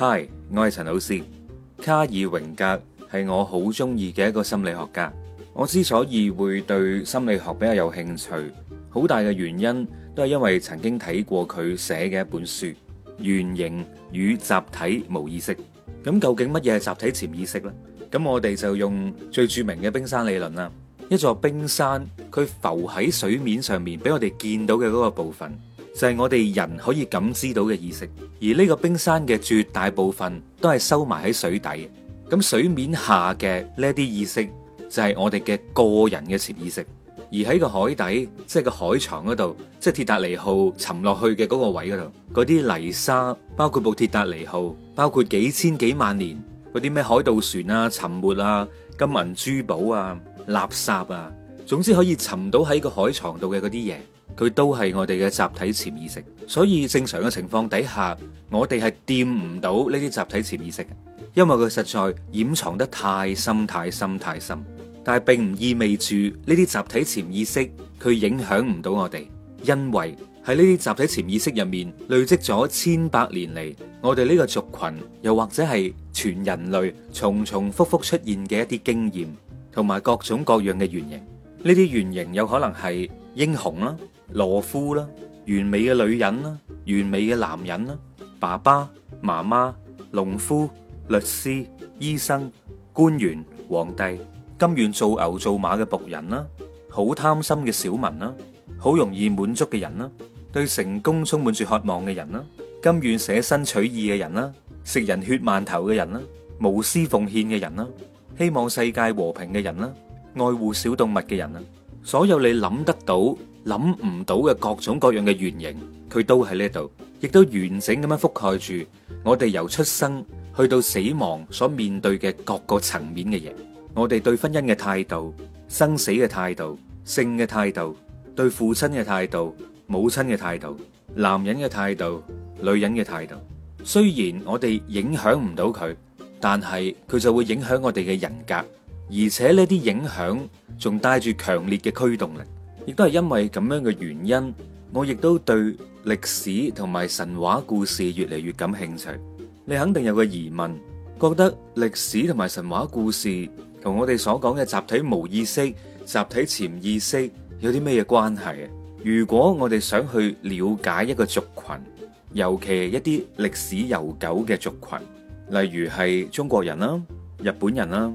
Hi，我係陳老師。卡爾榮格係我好中意嘅一個心理學家。我之所以會對心理學比較有興趣，好大嘅原因都係因為曾經睇過佢寫嘅一本書《原型與集體無意識》。咁究竟乜嘢係集體潛意識呢？咁我哋就用最著名嘅冰山理論啦。一座冰山，佢浮喺水面上面，俾我哋見到嘅嗰個部分。就係我哋人可以感知到嘅意識，而呢個冰山嘅絕大部分都係收埋喺水底。咁水面下嘅呢啲意識，就係我哋嘅個人嘅潛意識。而喺個海底，即係個海床嗰度，即係鐵達尼號沉落去嘅嗰個位嗰度，嗰啲泥沙，包括部鐵達尼號，包括幾千幾萬年嗰啲咩海盜船啊、沉沒啊、金銀珠寶啊、垃圾啊，總之可以沉到喺個海床度嘅嗰啲嘢。佢都係我哋嘅集體潛意識，所以正常嘅情況底下，我哋係掂唔到呢啲集體潛意識，因為佢實在掩藏得太深、太深、太深。但係並唔意味住呢啲集體潛意識佢影響唔到我哋，因為喺呢啲集體潛意識入面累積咗千百年嚟，我哋呢個族群又或者係全人類重重復復出現嘅一啲經驗，同埋各種各樣嘅原型。呢啲原型有可能係英雄啦。羅夫啦，完美嘅女人啦，完美嘅男人啦，爸爸、媽媽、農夫、律師、醫生、官員、皇帝，甘願做牛做馬嘅僕人啦，好貪心嘅小民啦，好容易滿足嘅人啦，對成功充滿住渴望嘅人啦，甘願捨身取義嘅人啦，食人血饅頭嘅人啦，無私奉獻嘅人啦，希望世界和平嘅人啦，愛護小動物嘅人啦，所有你諗得到，諗唔到嘅各種各樣嘅原型，佢都喺呢度，亦都完整咁樣覆蓋住我哋由出生去到死亡所面對嘅各個層面嘅嘢。我哋對婚姻嘅態度、生死嘅態度、性嘅態度、對父親嘅態度、母親嘅態度、男人嘅態度、女人嘅態度。雖然我哋影響唔到佢，但係佢就會影響我哋嘅人格，而且呢啲影響仲帶住強烈嘅驅動力。亦都係因為咁樣嘅原因，我亦都對歷史同埋神話故事越嚟越感興趣。你肯定有個疑問，覺得歷史同埋神話故事同我哋所講嘅集體無意識、集體潛意識有啲咩嘢關係？如果我哋想去了解一個族群，尤其係一啲歷史悠久嘅族群，例如係中國人啦、日本人啦、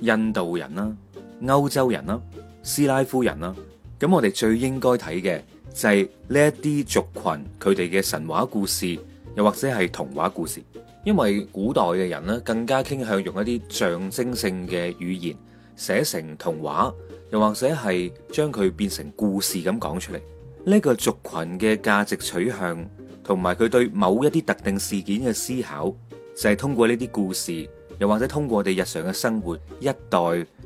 印度人啦、歐洲人啦、斯拉夫人啦。咁我哋最應該睇嘅就係呢一啲族群佢哋嘅神話故事，又或者係童話故事，因為古代嘅人呢，更加傾向用一啲象徵性嘅語言寫成童話，又或者係將佢變成故事咁講出嚟。呢個族群嘅價值取向同埋佢對某一啲特定事件嘅思考，就係通過呢啲故事。又或者通過我哋日常嘅生活，一代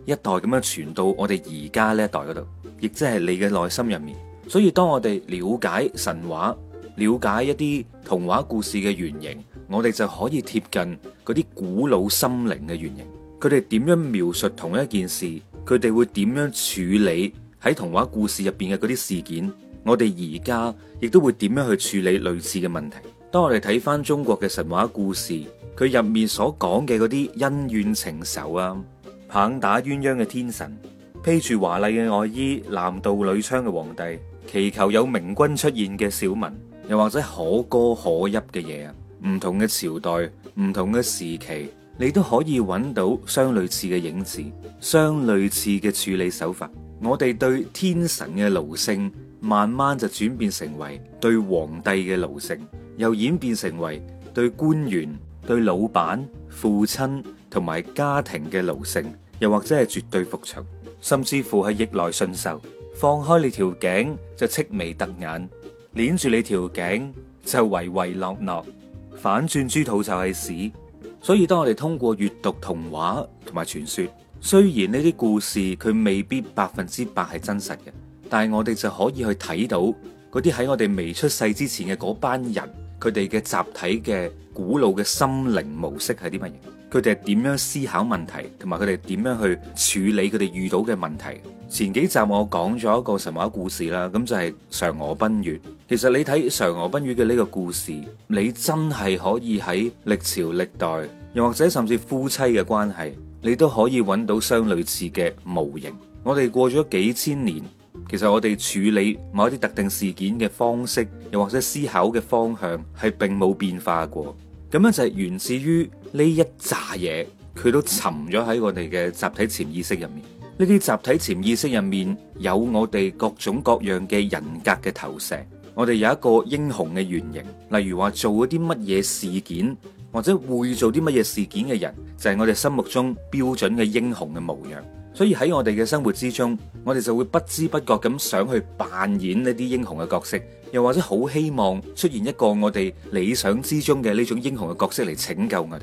一代咁樣傳到我哋而家呢一代嗰度，亦即係你嘅內心入面。所以當我哋了解神話，了解一啲童話故事嘅原型，我哋就可以貼近嗰啲古老心靈嘅原型。佢哋點樣描述同一件事？佢哋會點樣處理喺童話故事入邊嘅嗰啲事件？我哋而家亦都會點樣去處理類似嘅問題？當我哋睇翻中國嘅神話故事。佢入面所講嘅嗰啲恩怨情仇啊，棒打鴛鴦嘅天神，披住華麗嘅外衣，男盜女娼嘅皇帝，祈求有明君出現嘅小民，又或者可歌可泣嘅嘢啊。唔同嘅朝代，唔同嘅時期，你都可以揾到相類似嘅影子，相類似嘅處理手法。我哋對天神嘅奴性，慢慢就轉變成為對皇帝嘅奴性，又演變成為對官員，對老闆、父親同埋家庭嘅奴性，又或者係絕對服從，甚至乎係逆來順受。放開你條頸就戚眉督眼，捏住你條頸就唯唯諾諾。反轉豬肚就係屎。所以當我哋通過閱讀童話同埋傳說，雖然呢啲故事佢未必百分之百係真實嘅，但係我哋就可以去睇到嗰啲喺我哋未出世之前嘅嗰班人，佢哋嘅集體嘅。古老嘅心靈模式係啲乜嘢？佢哋係點樣思考問題，同埋佢哋點樣去處理佢哋遇到嘅問題？前幾集我講咗一個神話故事啦，咁就係嫦娥奔月。其實你睇嫦娥奔月嘅呢個故事，你真係可以喺歷朝歷代，又或者甚至夫妻嘅關係，你都可以揾到相類似嘅模型。我哋過咗幾千年，其實我哋處理某一啲特定事件嘅方式，又或者思考嘅方向，係並冇變化過。咁樣就係源自於呢一紮嘢，佢都沉咗喺我哋嘅集體潛意識入面。呢啲集體潛意識入面有我哋各種各樣嘅人格嘅投射，我哋有一個英雄嘅原型，例如話做一啲乜嘢事件，或者會做啲乜嘢事件嘅人，就係我哋心目中標準嘅英雄嘅模樣。所以喺我哋嘅生活之中，我哋就會不知不覺咁想去扮演呢啲英雄嘅角色，又或者好希望出現一個我哋理想之中嘅呢種英雄嘅角色嚟拯救我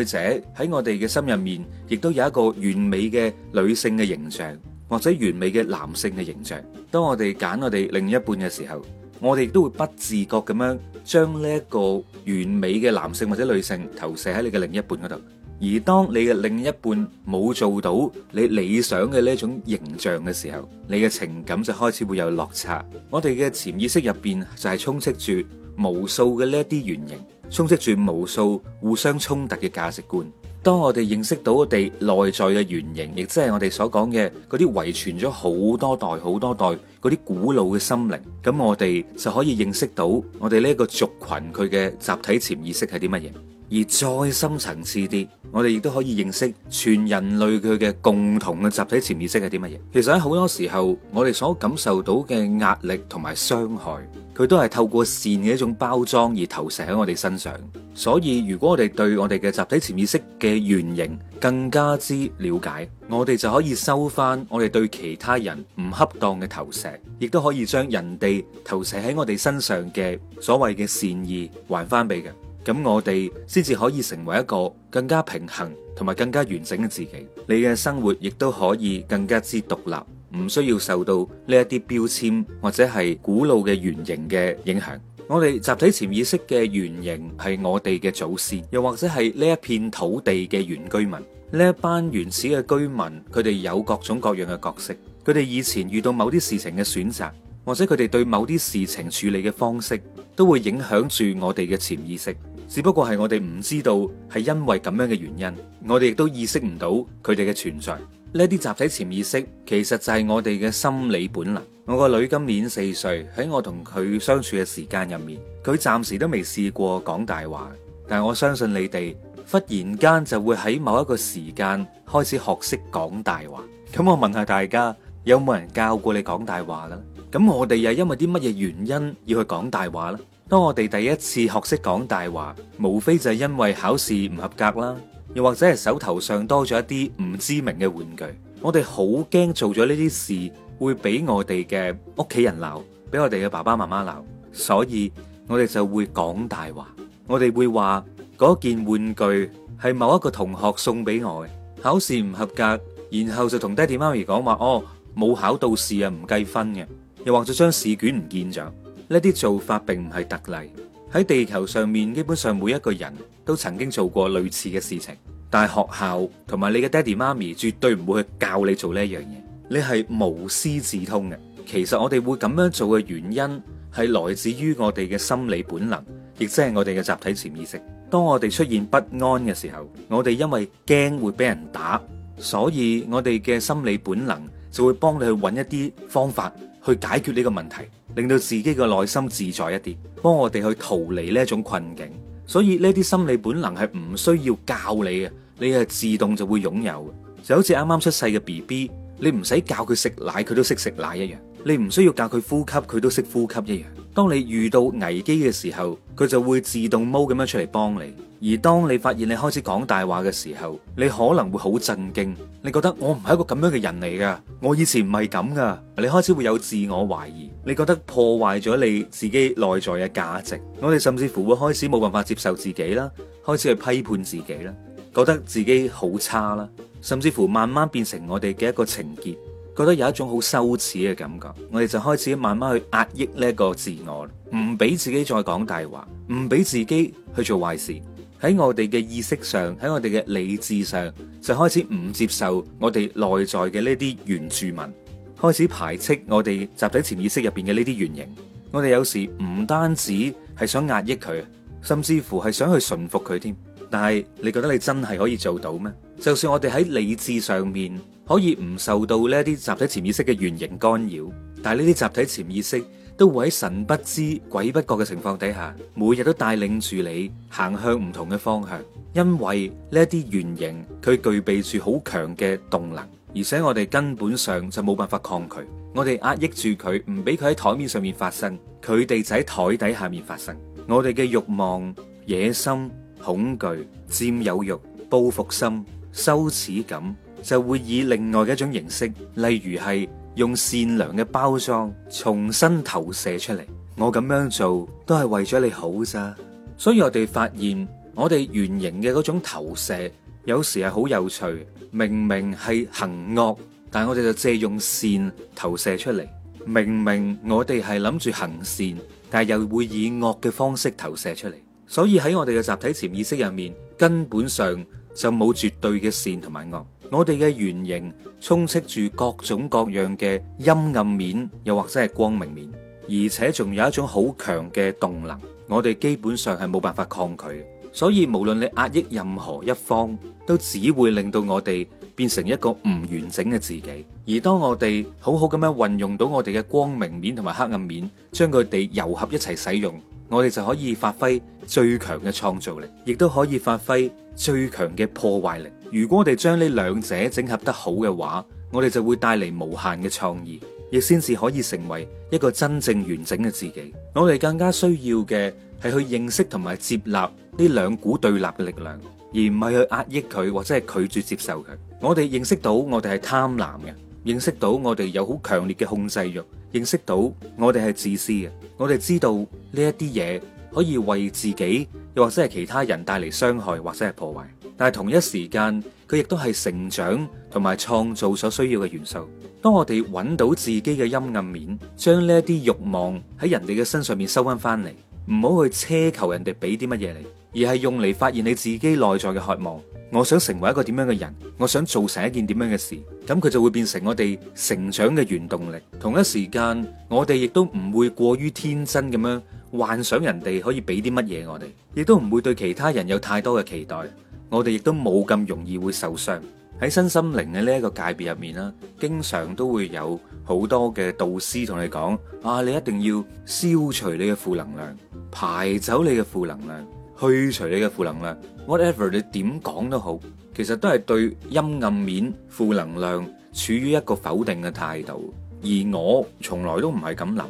哋。再者，喺我哋嘅心入面，亦都有一個完美嘅女性嘅形象，或者完美嘅男性嘅形象。當我哋揀我哋另一半嘅時候，我哋都會不自覺咁樣將呢一個完美嘅男性或者女性投射喺你嘅另一半嗰度。而當你嘅另一半冇做到你理想嘅呢種形象嘅時候，你嘅情感就開始會有落差。我哋嘅潛意識入邊就係充斥住無數嘅呢啲原型，充斥住無數互相衝突嘅價值觀。當我哋認識到我哋內在嘅原型，亦即係我哋所講嘅嗰啲遺傳咗好多代好多代嗰啲古老嘅心靈，咁我哋就可以認識到我哋呢個族群佢嘅集體潛意識係啲乜嘢。而再深層次啲，我哋亦都可以認識全人類佢嘅共同嘅集體潛意識係啲乜嘢。其實喺好多時候，我哋所感受到嘅壓力同埋傷害，佢都係透過善嘅一種包裝而投射喺我哋身上。所以，如果我哋對我哋嘅集體潛意識嘅原型更加之了解，我哋就可以收翻我哋對其他人唔恰當嘅投射，亦都可以將人哋投射喺我哋身上嘅所謂嘅善意還翻俾嘅。咁我哋先至可以成為一個更加平衡同埋更加完整嘅自己，你嘅生活亦都可以更加之獨立，唔需要受到呢一啲標籤或者係古老嘅原型嘅影響。我哋集體潛意識嘅原型係我哋嘅祖先，又或者係呢一片土地嘅原居民。呢一班原始嘅居民，佢哋有各種各樣嘅角色。佢哋以前遇到某啲事情嘅選擇，或者佢哋對某啲事情處理嘅方式，都會影響住我哋嘅潛意識。只不過係我哋唔知道，係因為咁樣嘅原因，我哋亦都意識唔到佢哋嘅存在。呢啲集體潛意識，其實就係我哋嘅心理本能。我個女今年四歲，喺我同佢相處嘅時間入面，佢暫時都未試過講大話。但係我相信你哋，忽然間就會喺某一個時間開始學識講大話。咁我問下大家，有冇人教過你講大話呢？咁我哋又因為啲乜嘢原因要去講大話呢？當我哋第一次學識講大話，無非就係因為考試唔合格啦，又或者係手頭上多咗一啲唔知名嘅玩具，我哋好驚做咗呢啲事會俾我哋嘅屋企人鬧，俾我哋嘅爸爸媽媽鬧，所以我哋就會講大話，我哋會話嗰件玩具係某一個同學送俾我嘅，考試唔合格，然後就同爹地媽咪講話，哦冇考到試啊，唔計分嘅，又或者將試卷唔見咗。呢啲做法並唔係特例，喺地球上面，基本上每一個人都曾經做過類似嘅事情。但係學校同埋你嘅爹地媽咪絕對唔會去教你做呢樣嘢，你係無師自通嘅。其實我哋會咁樣做嘅原因係來自於我哋嘅心理本能，亦即係我哋嘅集體潛意識。當我哋出現不安嘅時候，我哋因為驚會俾人打，所以我哋嘅心理本能就會幫你去揾一啲方法去解決呢個問題。令到自己嘅內心自在一啲，幫我哋去逃離呢一種困境。所以呢啲心理本能係唔需要教你嘅，你係自動就會擁有嘅，就好似啱啱出世嘅 BB，你唔使教佢食奶，佢都識食奶一樣；你唔需要教佢呼吸，佢都識呼吸一樣。當你遇到危機嘅時候，佢就會自動踎咁樣出嚟幫你。而當你發現你開始講大話嘅時候，你可能會好震驚，你覺得我唔係一個咁樣嘅人嚟㗎，我以前唔係咁㗎，你開始會有自我懷疑，你覺得破壞咗你自己內在嘅價值，我哋甚至乎會開始冇辦法接受自己啦，開始去批判自己啦，覺得自己好差啦，甚至乎慢慢變成我哋嘅一個情結，覺得有一種好羞恥嘅感覺，我哋就開始慢慢去壓抑呢個自我，唔俾自己再講大話，唔俾自己去做壞事。喺我哋嘅意識上，喺我哋嘅理智上，就開始唔接受我哋內在嘅呢啲原住民，開始排斥我哋集體潛意識入邊嘅呢啲原型。我哋有時唔單止係想壓抑佢，甚至乎係想去馴服佢添。但係你覺得你真係可以做到咩？就算我哋喺理智上面可以唔受到呢啲集體潛意識嘅原型干擾，但係呢啲集體潛意識，都會喺神不知鬼不覺嘅情況底下，每日都帶領住你行向唔同嘅方向，因為呢一啲原型佢具備住好強嘅動能，而且我哋根本上就冇辦法抗拒，我哋壓抑住佢，唔俾佢喺台面上面發生，佢哋就喺台底下面發生。我哋嘅慾望、野心、恐懼、佔有慾、報復心、羞恥感，就會以另外一種形式，例如係。用善良嘅包裝重新投射出嚟，我咁樣做都係為咗你好咋，所以我哋發現，我哋原型嘅嗰種投射有時係好有趣。明明係行惡，但係我哋就借用善投射出嚟。明明我哋係諗住行善，但係又會以惡嘅方式投射出嚟。所以喺我哋嘅集體潛意識入面，根本上就冇絕對嘅善同埋惡。我哋嘅原型充斥住各種各樣嘅陰暗面，又或者係光明面，而且仲有一種好強嘅動能，我哋基本上係冇辦法抗拒。所以無論你壓抑任何一方，都只會令到我哋變成一個唔完整嘅自己。而當我哋好好咁樣運用到我哋嘅光明面同埋黑暗面，將佢哋糅合一齊使用，我哋就可以發揮最強嘅創造力，亦都可以發揮最強嘅破壞力。如果我哋將呢兩者整合得好嘅話，我哋就會帶嚟無限嘅創意，亦先至可以成為一個真正完整嘅自己。我哋更加需要嘅係去認識同埋接納呢兩股對立嘅力量，而唔係去壓抑佢，或者係拒絕接受佢。我哋認識到我哋係貪婪嘅，認識到我哋有好強烈嘅控制慾，認識到我哋係自私嘅。我哋知道呢一啲嘢。可以為自己又或者係其他人帶嚟傷害或者係破壞，但係同一時間佢亦都係成長同埋創造所需要嘅元素。當我哋揾到自己嘅陰暗面，將呢一啲欲望喺人哋嘅身上面收翻翻嚟，唔好去奢求人哋俾啲乜嘢你，而係用嚟發現你自己內在嘅渴望。我想成為一個點樣嘅人，我想做成一件點樣嘅事，咁佢就會變成我哋成長嘅原動力。同一時間，我哋亦都唔會過於天真咁樣幻想人哋可以俾啲乜嘢我哋，亦都唔會對其他人有太多嘅期待。我哋亦都冇咁容易會受傷。喺身心靈嘅呢一個界別入面啦，經常都會有好多嘅導師同你講：啊，你一定要消除你嘅負能量，排走你嘅負能量。去除你嘅負能量，whatever 你點講都好，其實都係對陰暗面、負能量處於一個否定嘅態度。而我從來都唔係咁諗，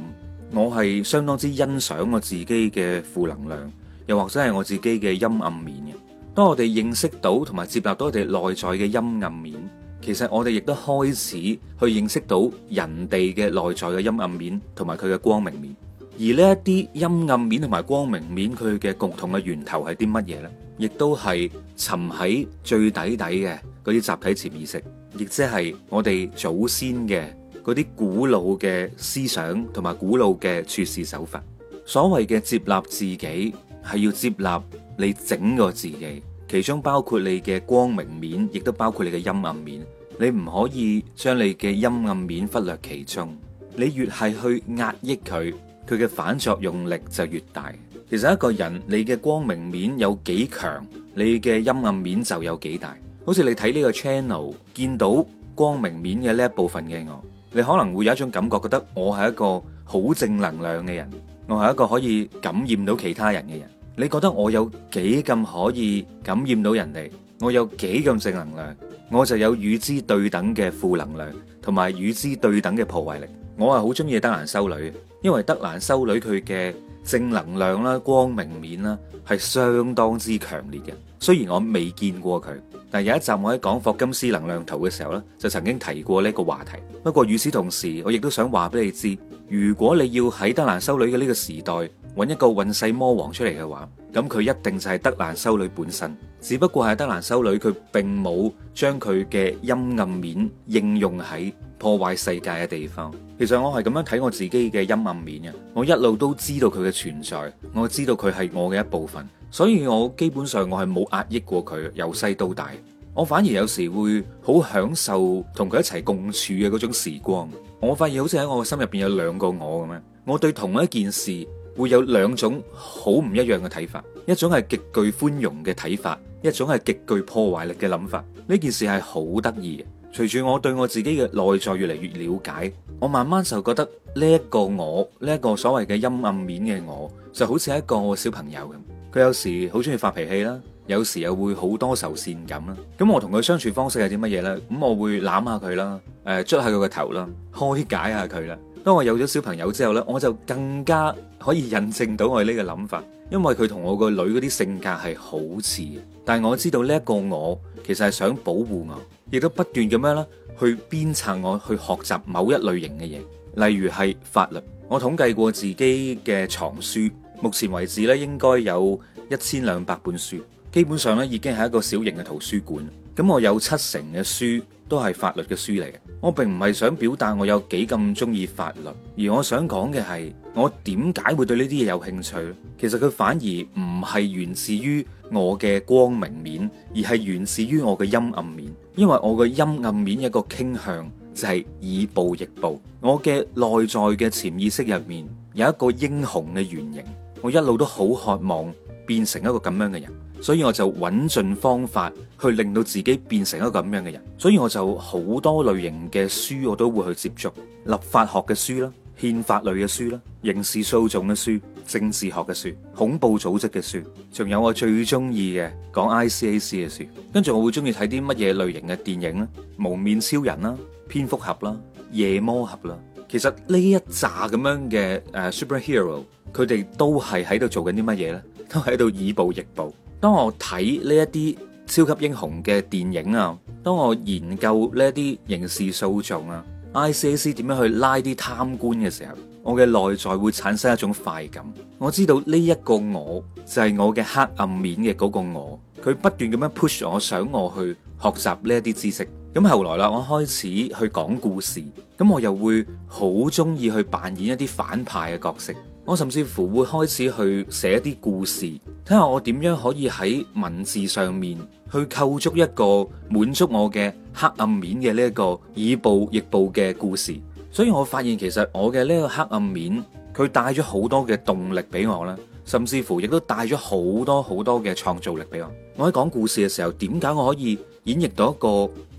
我係相當之欣賞我自己嘅負能量，又或者係我自己嘅陰暗面嘅。當我哋認識到同埋接納到我哋內在嘅陰暗面，其實我哋亦都開始去認識到人哋嘅內在嘅陰暗面同埋佢嘅光明面。而呢一啲陰暗面同埋光明面，佢嘅共同嘅源頭係啲乜嘢呢？亦都係沉喺最底底嘅嗰啲集體潛意識，亦即係我哋祖先嘅嗰啲古老嘅思想同埋古老嘅處事手法。所謂嘅接納自己，係要接納你整個自己，其中包括你嘅光明面，亦都包括你嘅陰暗面。你唔可以將你嘅陰暗面忽略其中，你越係去壓抑佢。佢嘅反作用力就越大。其實一個人，你嘅光明面有幾強，你嘅陰暗面就有幾大。好似你睇呢個 channel，見到光明面嘅呢一部分嘅我，你可能會有一種感覺，覺得我係一個好正能量嘅人，我係一個可以感染到其他人嘅人。你覺得我有幾咁可以感染到人哋，我有幾咁正能量，我就有與之對等嘅負能量，同埋與之對等嘅破壞力。我係好中意德蘭修女，因為德蘭修女佢嘅正能量啦、光明面啦，係相當之強烈嘅。雖然我未見過佢，但係有一集我喺講霍金斯能量圖嘅時候咧，就曾經提過呢個話題。不過與此同時，我亦都想話俾你知，如果你要喺德蘭修女嘅呢個時代揾一個運勢魔王出嚟嘅話，咁佢一定就係德蘭修女本身。只不過係德蘭修女佢並冇將佢嘅陰暗面應用喺。破壞世界嘅地方，其實我係咁樣睇我自己嘅陰暗面嘅。我一路都知道佢嘅存在，我知道佢係我嘅一部分，所以我基本上我係冇壓抑過佢，由細到大。我反而有時會好享受同佢一齊共處嘅嗰種時光。我發現好似喺我嘅心入邊有兩個我咁樣，我對同一件事會有兩種好唔一樣嘅睇法，一種係極具寬容嘅睇法，一種係極具破壞力嘅諗法。呢件事係好得意。隨住我對我自己嘅內在越嚟越了解，我慢慢就覺得呢一個我，呢一個所謂嘅陰暗面嘅我，就好似一個小朋友咁。佢有時好中意發脾氣啦，有時又會好多愁善感啦。咁我同佢相處方式係啲乜嘢呢？咁我會攬下佢啦，誒，捽下佢個頭啦，開解下佢啦。當我有咗小朋友之後呢，我就更加可以印證到我呢個諗法，因為佢同我個女嗰啲性格係好似，但係我知道呢一個我其實係想保護我。亦都不斷咁樣啦，去鞭策我去學習某一類型嘅嘢，例如係法律。我統計過自己嘅藏書，目前為止咧應該有一千兩百本書，基本上咧已經係一個小型嘅圖書館。咁我有七成嘅書都係法律嘅書嚟嘅。我並唔係想表達我有幾咁中意法律，而我想講嘅係我點解會對呢啲嘢有興趣？其實佢反而唔係源自於我嘅光明面，而係源自於我嘅陰暗面。因為我嘅陰暗面一個傾向就係以暴易暴，我嘅內在嘅潛意識入面有一個英雄嘅原型，我一路都好渴望變成一個咁樣嘅人。所以我就揾盡方法去令到自己變成一個咁樣嘅人，所以我就好多類型嘅書我都會去接觸，立法學嘅書啦、憲法類嘅書啦、刑事訴訟嘅書、政治學嘅書、恐怖組織嘅書，仲有我最中意嘅講 ICAC 嘅書。跟住我會中意睇啲乜嘢類型嘅電影咧，幪面超人啦、蝙蝠俠啦、夜魔俠啦。其實呢一紮咁樣嘅誒 superhero，佢哋都係喺度做緊啲乜嘢咧？都喺度以暴易暴。當我睇呢一啲超級英雄嘅電影啊，當我研究呢一啲刑事訴訟啊，ICAC 點樣去拉啲貪官嘅時候，我嘅內在會產生一種快感。我知道呢一個我就係我嘅黑暗面嘅嗰個我，佢不斷咁樣 push 我，想我去學習呢一啲知識。咁後來啦，我開始去講故事，咁我又會好中意去扮演一啲反派嘅角色，我甚至乎會開始去寫一啲故事。睇下我點樣可以喺文字上面去構築一個滿足我嘅黑暗面嘅呢一個以暴易暴嘅故事，所以我發現其實我嘅呢個黑暗面，佢帶咗好多嘅動力俾我啦，甚至乎亦都帶咗好多好多嘅創造力俾我。我喺講故事嘅時候，點解我可以演繹到一個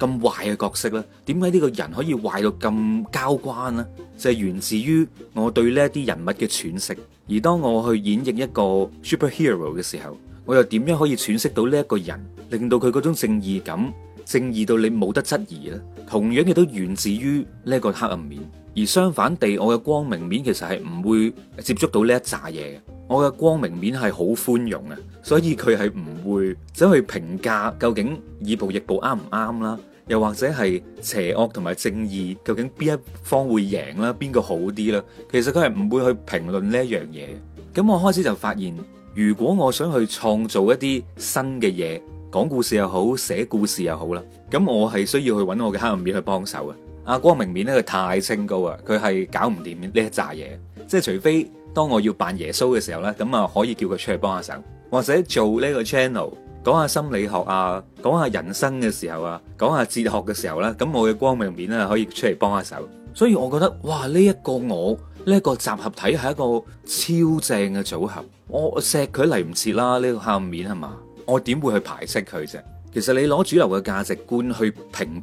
咁壞嘅角色咧？點解呢個人可以壞到咁交關咧？就係、是、源自於我對呢啲人物嘅詮釋。而當我去演繹一個 superhero 嘅時候，我又點樣可以詮釋到呢一個人，令到佢嗰種正義感正義到你冇得質疑呢？同樣亦都源自於呢一個黑暗面，而相反地，我嘅光明面其實係唔會接觸到呢一紮嘢。我嘅光明面係好寬容嘅，所以佢係唔會走去評價究竟以暴易暴啱唔啱啦。又或者係邪惡同埋正義，究竟邊一方會贏啦？邊個好啲啦？其實佢係唔會去評論呢一樣嘢。咁我開始就發現，如果我想去創造一啲新嘅嘢，講故事又好，寫故事又好啦，咁我係需要去揾我嘅黑暗面去幫手嘅。阿、啊、光明面呢，佢太清高啊，佢係搞唔掂呢一揸嘢。即係除非當我要扮耶穌嘅時候呢，咁我可以叫佢出去幫下手，或者做呢個 channel。講下心理學啊，講下人生嘅時候啊，講下哲學嘅時候呢。咁我嘅光明面啦，可以出嚟幫下手，所以我覺得哇，呢一個我呢一個集合體係一個超正嘅組合，我錫佢嚟唔切啦，呢個黑暗面係嘛，我點會去排斥佢啫？其實你攞主流嘅價值觀去評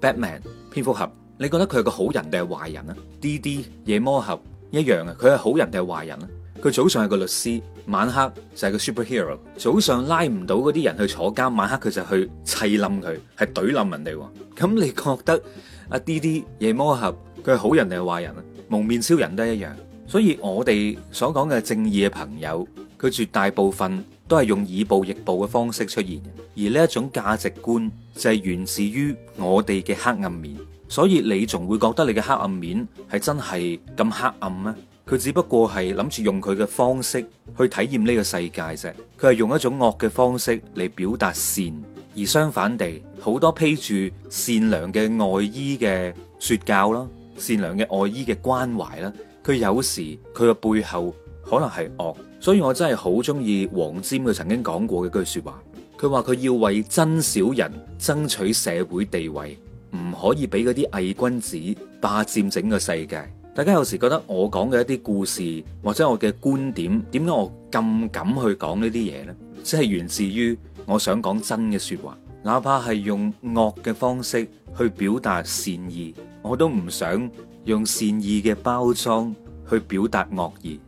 判 Batman 蝙蝠俠，你覺得佢係個好人定係壞人啊？D D 夜魔俠一樣啊，佢係好人定係壞人啊？佢早上係個律師，晚黑就係個 superhero。早上拉唔到嗰啲人去坐監，晚黑佢就去砌冧佢，係懟冧人哋。咁你覺得阿 D D 夜魔俠佢係好人定係壞人啊？蒙面超人都一樣。所以我哋所講嘅正義嘅朋友，佢絕大部分都係用以暴易暴嘅方式出現。而呢一種價值觀就係源自於我哋嘅黑暗面。所以你仲會覺得你嘅黑暗面係真係咁黑暗咩？佢只不過係諗住用佢嘅方式去體驗呢個世界啫，佢係用一種惡嘅方式嚟表達善，而相反地，好多披住善良嘅外衣嘅說教啦，善良嘅外衣嘅關懷啦，佢有時佢嘅背後可能係惡，所以我真係好中意黃霑佢曾經講過嘅句說話，佢話佢要為真小人爭取社會地位，唔可以俾嗰啲偽君子霸佔整個世界。大家有時覺得我講嘅一啲故事或者我嘅觀點，點解我咁敢去講呢啲嘢呢？即係源自於我想講真嘅説話，哪怕係用惡嘅方式去表達善意，我都唔想用善意嘅包裝去表達惡意。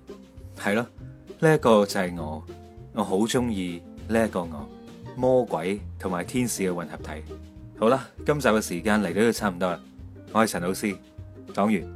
係咯，呢一個就係我，我好中意呢一個我魔鬼同埋天使嘅混合體。好啦，今集嘅時間嚟到都差唔多啦，我係陳老師，講完。